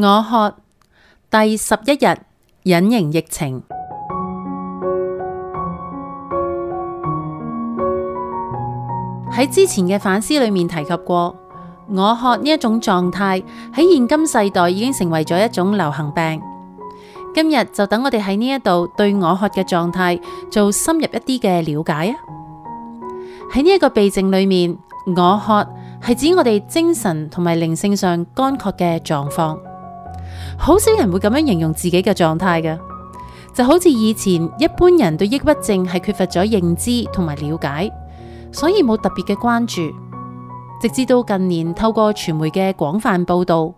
我渴，第十一日，隱形疫情。喺之前嘅反思裏面提及過，我渴呢一種狀態喺現今世代已經成為咗一種流行病。今日就等我哋喺呢一度對我渴嘅狀態做深入一啲嘅了解啊。喺呢一個避靜裏面，我渴係指我哋精神同埋靈性上乾涸嘅狀況。好少人會咁樣形容自己嘅狀態嘅，就好似以前一般人對抑鬱症係缺乏咗認知同埋了解，所以冇特別嘅關注。直至到近年透過傳媒嘅廣泛報道，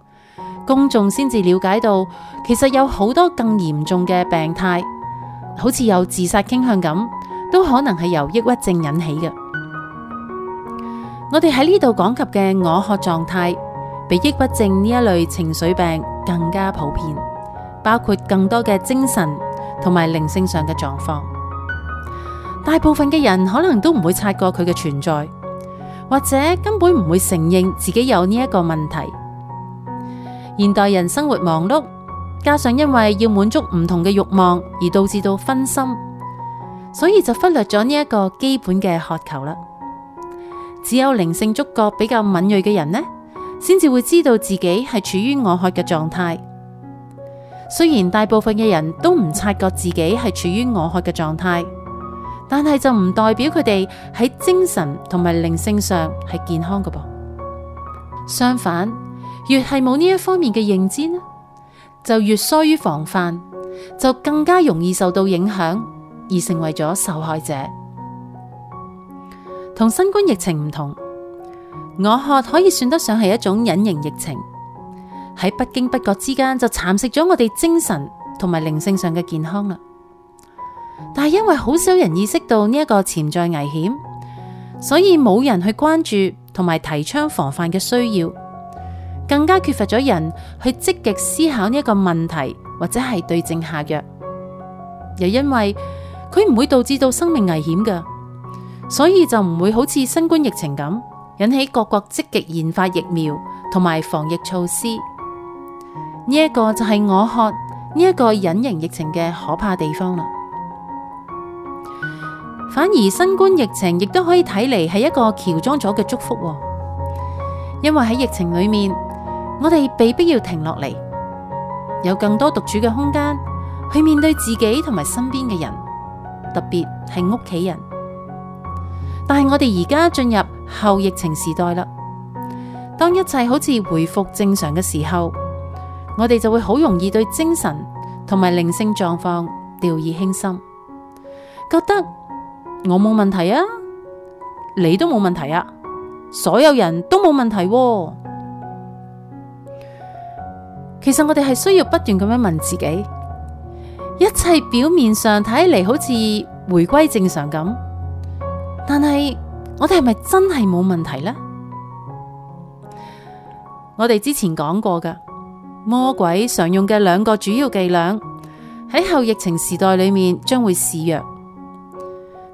公眾先至了解到，其實有好多更嚴重嘅病態，好似有自殺傾向咁，都可能係由抑鬱症引起嘅。我哋喺呢度講及嘅我渴狀態，比抑鬱症呢一類情緒病，更加普遍，包括更多嘅精神同埋靈性上嘅狀況。大部分嘅人可能都唔會察覺佢嘅存在，或者根本唔會承認自己有呢一個問題。現代人生活忙碌，加上因為要滿足唔同嘅慾望而導致到分心，所以就忽略咗呢一個基本嘅渴求啦。只有靈性觸覺比較敏銳嘅人呢，先至會知道自己係處於我渴嘅狀態。雖然大部分嘅人都唔察覺自己係處於我渴嘅狀態，但係就唔代表佢哋喺精神同埋靈性上係健康嘅噃。相反，越係冇呢一方面嘅認知，就越疏於防範，就更加容易受到影響而成為咗受害者。同新冠疫情唔同。我渴可以算得上係一種隱形疫情，喺不經不覺之間就蠶食咗我哋精神同埋靈性上嘅健康啦。但係因為好少人意識到呢一個潛在危險，所以冇人去關注同埋提倡防範嘅需要，更加缺乏咗人去積極思考呢一個問題或者係對症下藥。又因為佢唔會導致到生命危險噶，所以就唔會好似新冠疫情咁。引起各國積極研發疫苗同埋防疫措施，呢、這、一個就係我渴呢一個隱形疫情嘅可怕地方啦。反而新冠疫情亦都可以睇嚟係一個喬裝咗嘅祝福，因為喺疫情裏面，我哋被逼要停落嚟，有更多獨處嘅空間去面對自己同埋身邊嘅人，特別係屋企人。但係我哋而家進入後疫情時代啦，當一切好似回復正常嘅時候，我哋就會好容易對精神同埋靈性狀況掉以輕心，覺得我冇問題啊，你都冇問題啊，所有人都冇問題啊。其實我哋係需要不斷咁樣問自己，一切表面上睇嚟，好似回歸正常咁。但係我哋係咪真係冇問題呢？我哋之前講過嘅魔鬼常用嘅兩個主要伎倆喺後疫情時代裏面將會肆虐，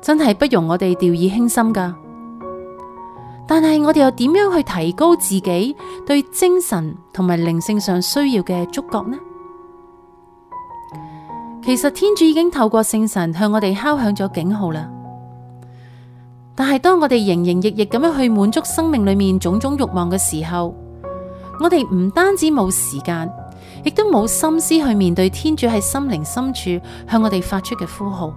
真係不容我哋掉以輕心噶。但係我哋又點樣去提高自己對精神同埋靈性上需要嘅觸覺呢？其實天主已經透過聖神向我哋敲響咗警號啦。但係當我哋營營役役咁樣去滿足生命裏面種種慾望嘅時候，我哋唔單止冇時間，亦都冇心思去面對天主喺心靈深處向我哋發出嘅呼號。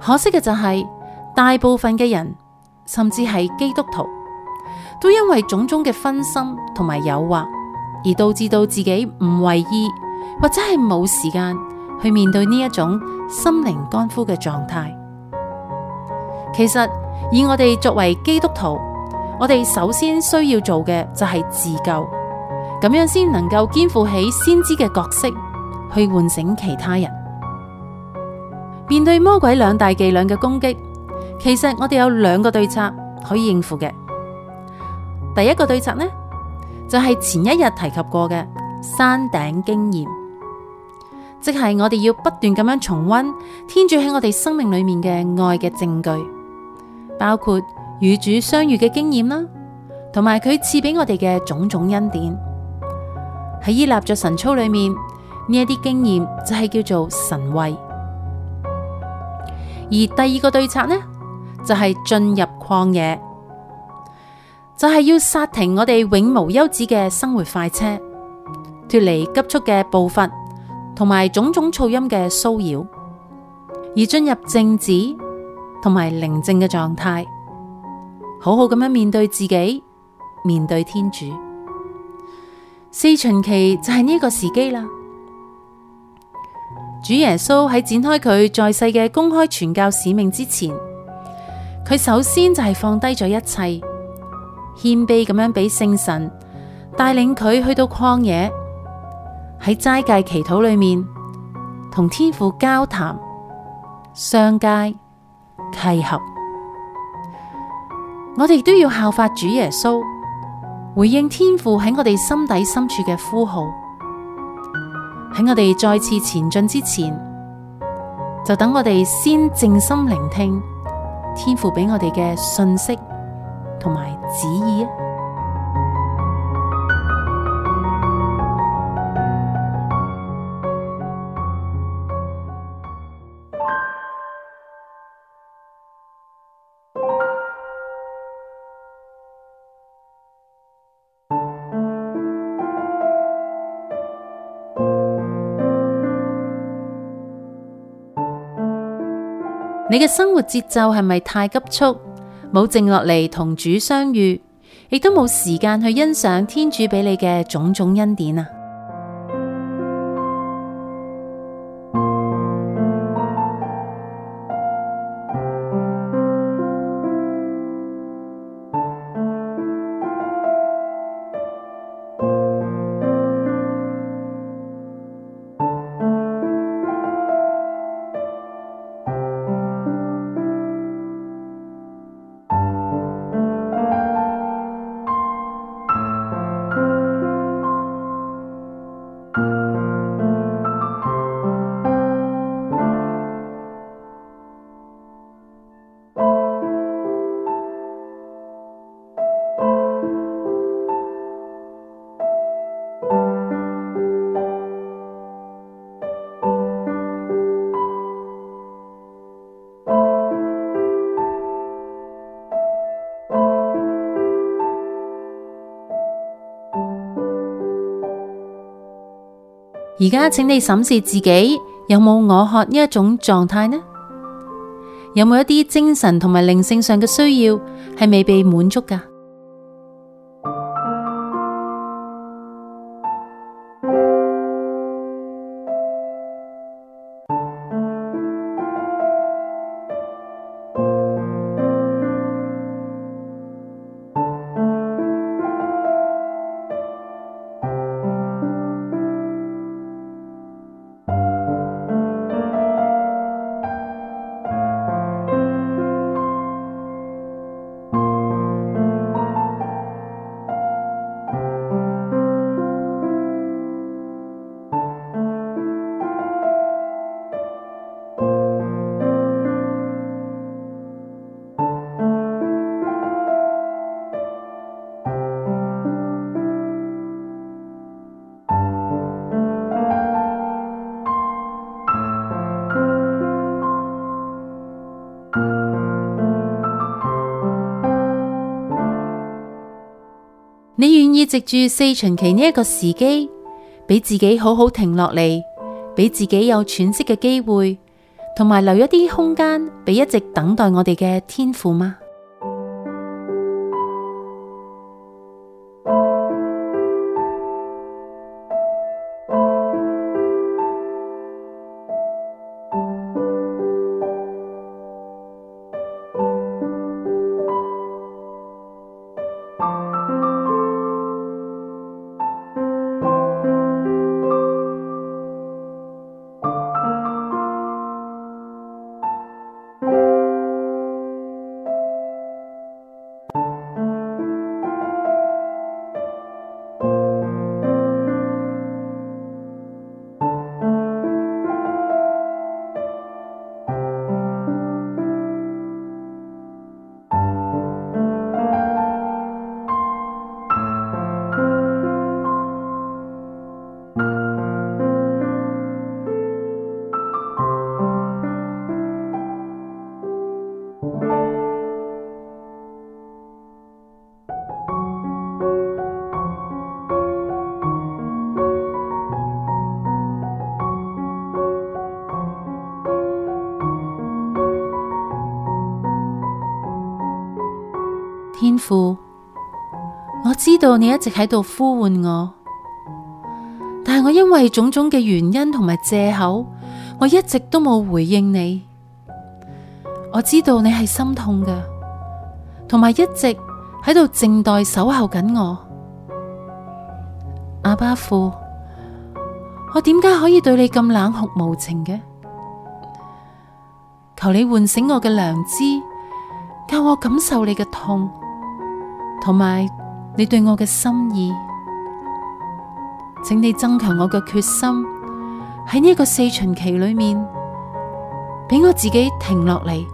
可惜嘅就係，大部分嘅人，甚至係基督徒，都因為種種嘅分心同埋誘惑，而導致到自己唔為意，或者係冇時間去面對呢一種心靈乾枯嘅狀態。其實以我哋作為基督徒，我哋首先需要做嘅就係自救，咁樣先能夠肩負起先知嘅角色，去喚醒其他人。面對魔鬼兩大伎倆嘅攻擊，其實我哋有兩個對策可以應付嘅。第一個對策呢，就係前一日提及過嘅山頂經驗，即係我哋要不斷咁樣重溫天主喺我哋生命裏面嘅愛嘅證據。包括與主相遇嘅經驗啦，同埋佢賜俾我哋嘅種種恩典，喺「依納爵神操」裏面，呢一啲經驗，就係叫做神慰。而第二個對策呢，就係、是、進入曠野，就係、是、要煞停我哋永無休止嘅生活快車，脫離急速嘅步伐，同埋種種噪音嘅騷擾，而進入靜止。同埋寧靜嘅狀態，好好咁樣面對自己，面對天主。四旬期就係呢個時機啦。主耶穌喺展開佢在世嘅公開傳教使命之前，佢首先就係放低咗一切，謙卑咁樣俾聖神帶領佢去到曠野，喺齋戒祈禱裏面同天父交談、相偕。契合，我哋都要效法主耶穌，回應天父喺我哋心底深處嘅呼號。喺我哋再次前進之前，就等我哋先靜心聆聽天父俾我哋嘅訊息同埋旨意啊！你嘅生活節奏係咪太急速，冇靜落嚟同主相遇，亦都冇時間去欣賞天主畀你嘅種種恩典啊！而家請你審視自己，有冇我渴呢一種狀態呢？有冇一啲精神同埋靈性上嘅需要係未被滿足㗎？你願意藉住四旬期呢一個時機，俾自己好好停落嚟，俾自己有喘息嘅機會，同埋留一啲空間俾一直等待我哋嘅天父嗎？天父，我知道你一直喺度呼喚我，但係我因為種種嘅原因同埋借口，我一直都冇回應你。我知道你係心痛嘅，同埋一直喺度靜待守候緊我。阿爸父，我點解可以對你咁冷酷無情嘅？求你喚醒我嘅良知，教我感受你嘅痛。同埋你對我嘅心意，請你增強我嘅決心，喺呢個四旬期裏面，俾我自己停落嚟，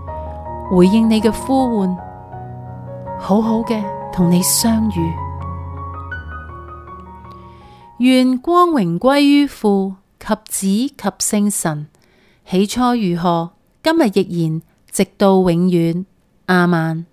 回應你嘅呼喚，好好嘅同你相遇。願光榮歸於父及子及聖神，起初如何，今日亦然，直到永遠。亞孟。